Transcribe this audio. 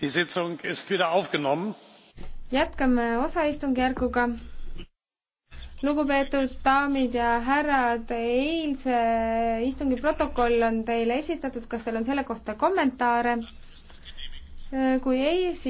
die sitzung ist wieder aufgenommen. jätkame osaistungjärguga. lugupeetud daamid ja härrad, eilse istungi protokoll on teile esitatud, kas teil on selle kohta kommentaare? kui ei, siis